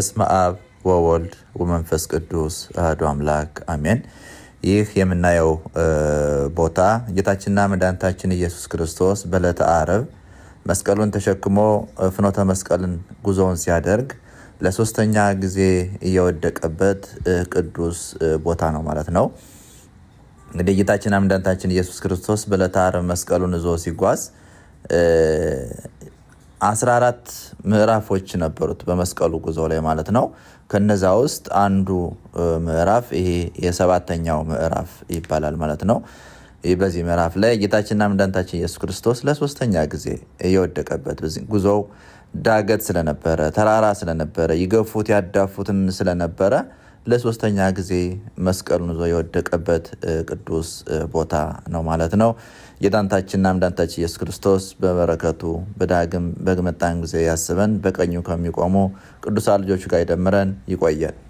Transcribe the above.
በስመ አብ ወወልድ ወመንፈስ ቅዱስ አህዶ አምላክ አሜን። ይህ የምናየው ቦታ ጌታችንና መድኃኒታችን ኢየሱስ ክርስቶስ በዕለተ ዓርብ መስቀሉን ተሸክሞ ፍኖተ መስቀልን ጉዞውን ሲያደርግ ለሶስተኛ ጊዜ እየወደቀበት ቅዱስ ቦታ ነው ማለት ነው። እንግዲህ ጌታችንና መድኃኒታችን ኢየሱስ ክርስቶስ በዕለተ ዓርብ መስቀሉን ይዞ ሲጓዝ 14 ምዕራፎች ነበሩት በመስቀሉ ጉዞ ላይ ማለት ነው። ከነዛ ውስጥ አንዱ ምዕራፍ ይሄ የሰባተኛው ምዕራፍ ይባላል ማለት ነው። በዚህ ምዕራፍ ላይ ጌታችንና መድኃኒታችን ኢየሱስ ክርስቶስ ለሶስተኛ ጊዜ እየወደቀበት ጉዞው ዳገት ስለነበረ ተራራ ስለነበረ ይገፉት ያዳፉትም ስለነበረ ለሶስተኛ ጊዜ መስቀሉን ይዞ የወደቀበት ቅዱስ ቦታ ነው ማለት ነው። የዳንታችንና አምላካችን ኢየሱስ ክርስቶስ በበረከቱ በዳግም በመጣን ጊዜ ያስበን፣ በቀኙ ከሚቆሙ ቅዱሳን ልጆቹ ጋር ይደምረን፣ ይቆየን።